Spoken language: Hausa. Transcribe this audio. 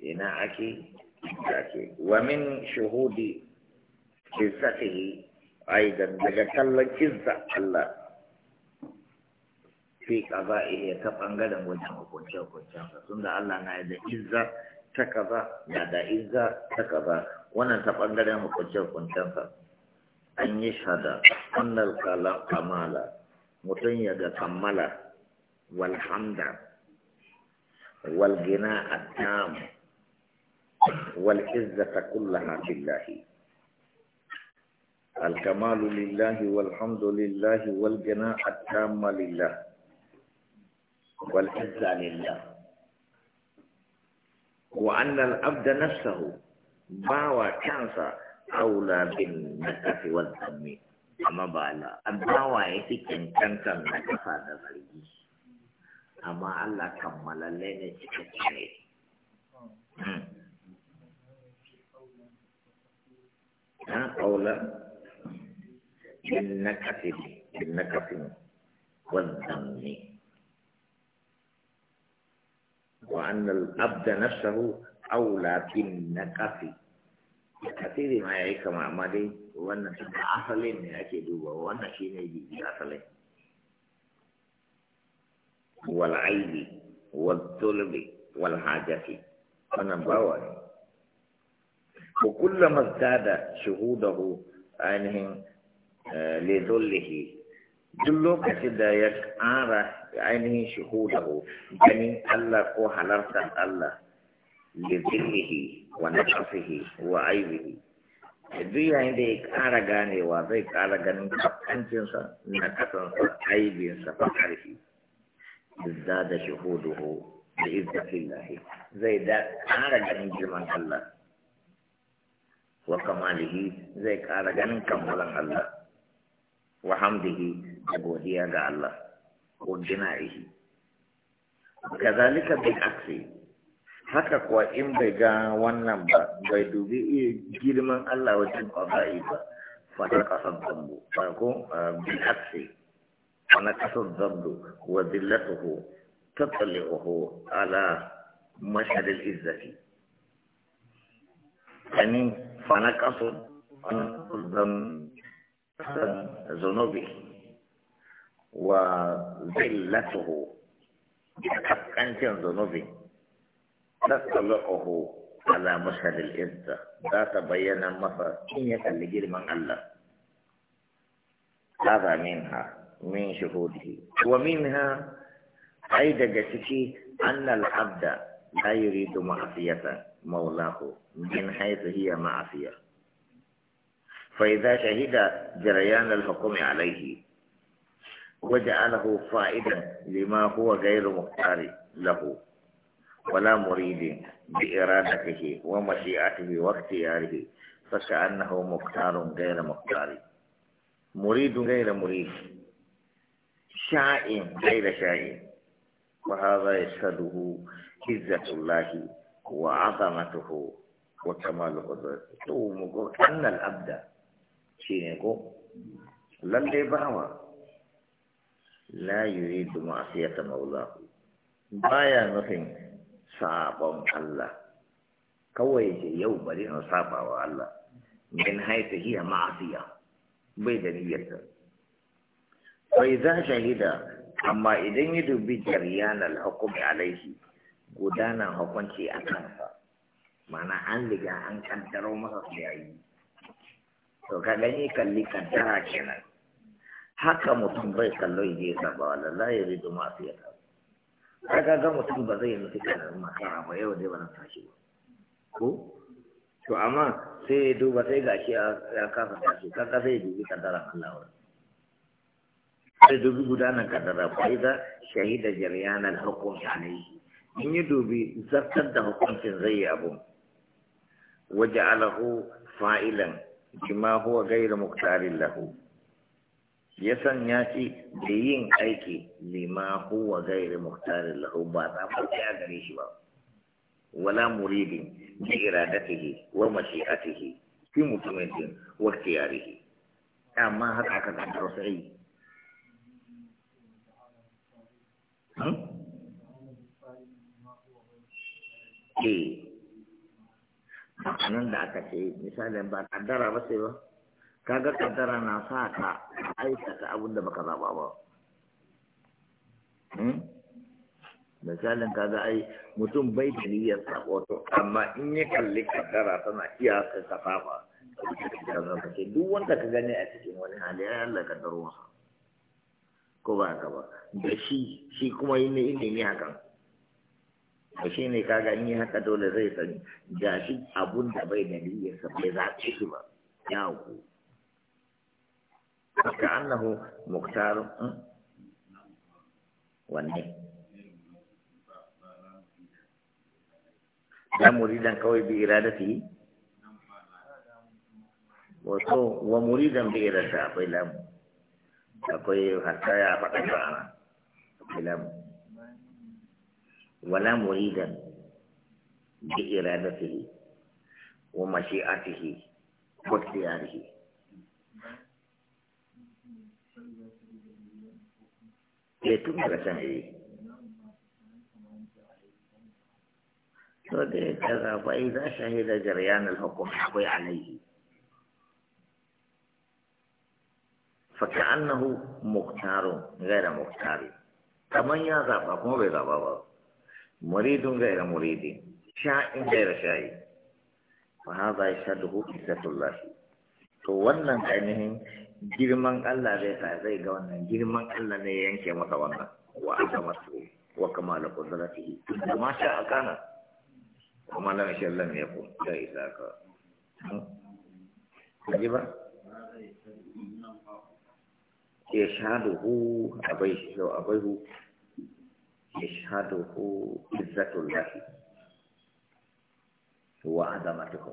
ina ake ake wa min shuhudi izzatihi aidan daga kallon izza Allah fi qada'ihi ta bangaren wajen hukunce hukuncen tunda Allah na da izza ta kaza na da izza ta kaza wannan ta bangaren hukunce hukuncen an yi shada annal kala kamala mutum ya ga kammala walhamda walgina attamu والعزة كلها في الله الكمال لله والحمد لله والجناء التام لله والعزة لله وأن العبد نفسه باوى كانسا أولى بالنكف والذم أما بالا الباوى يتكن كانسا نكفا دفريه أما الله كمال لنا تكتشيه ها قول لا بالنكث بالنكث والذم وأن الأبد نفسه أولى بالنكث كثير ما يعيش كما أمالي وأن تبقى أصلين يأكد وأن شيء يجي أصلين والعيب والظلم والحاجة أنا بواني وكلما ازداد شهوده عنه آه، لذله جلو كتدا يك آرى عنه شهوده جنين الله كو حلرت الله لذله ونفسه وعيبه دوية عند إك آرى غاني وضع إك آرى غاني فأنتين سا نكتن سا عيبين سا فحره ازداد شهوده بإذن الله زي ده آرى غاني جمع الله wa kamalihi zai kara ganin kammalan Allah wa hamdihi da godiya ga Allah wa gina'ihi kazalika bil aksi haka kuwa in bai ga wannan ba bai dubi iya girman Allah wajen yi ba fata kasan zambu farko bil aksi wani kasan zambu wa zillatuhu tattali'uhu ala mashadil izzati amin فنقص من ذنوبه وذلته كان ذنوبه تطلقه على مشهد الإذة لا تبين مصر إنك اللي من الله هذا منها من شهوده ومنها أيضا جسكي أن العبد لا يريد معصية مولاه من حيث هي معصية فإذا شهد جريان الحكم عليه وجعله فائدا لما هو غير مختار له ولا مريد بإرادته ومشيئته واختياره فكأنه مختار غير مختار مريد غير مريد شائن غير شائن وهذا يشهده izzatullahi wa azamatuhu wa kamalu qudratihi to mu go annal abda shine ko lalle bawa la yuridu ma'siyata maulahu baya nufin sabon Allah kawai ce yau bari in saba wa Allah min haita hiya ma'asiya bai da niyyarta fa idza shahida amma idan ya dubi jaryan al-hukm alaihi gudana hukunci a kansa mana an riga an kaddaro masa su yayi to ka gani kalli kaddara kenan haka mutum bai kallo je sa ba lallai ya rido masu ya kawo ka ga mutum ba zai nufi kanar makara ba yau dai ba na tashi ba ko to amma sai ya duba sai ga shi ya kasa tashi kaga sai ya dubi kantara Allah wa sai dubi gudanar kaddara fa shahida jariyana al-hukum alayhi in yi dubi zartar da hukuncin zai yi abu waje alahu fa'ilan jima huwa gaira muktarin lahu ya sanya shi da yin aiki lima huwa gaira muktarin lahu ba ta farce a gare shi ba wala muridin bi iradatihi wa mashi'atihi fi mutumin wa ikhtiyarihi amma haka aka zantar eh nan da aka ce misalin ba kaddara ba sai ba kaga kaddara na sa ka aikata abin da baka zaba ba hmm? misalin kaga ai mutum bai da niyyar saboto amma in ya kalli kaddara tana iya ka kafa ba duk wanda ka gani a cikin wani hali ya Allah kaddaro ko ba ka ba da shi shi kuma yin ne hakan to shi kaga in yi haka dole zai san ga shi abun da bai da niyya niyyarsa bai ta shi ba ya ku ka annahu muktar wanne da muridan kawai bi iradati wato wa muridan bi iradati akwai lamu akwai hatta ya faɗa ana akwai lamu ولا مريدا بإرادته ومشيئته واختياره يتم رسمه كذا فإذا شهد جريان الحكم حقي عليه فكأنه مختار غير مختار كمن يا زبا مو muridun gaira muridi sha'in ba sha'i fa hadha yashhadu qissatullah to wannan ainihin girman Allah zai sa zai ga wannan girman Allah ne yanke masa wannan wa masu wa kamala qudratihi ma sha a akana kuma lam yashal lam yakun ya Ka hmm? kaji ba sha Ya yashhaduhu abai abai يشهده عزة الله وعظمته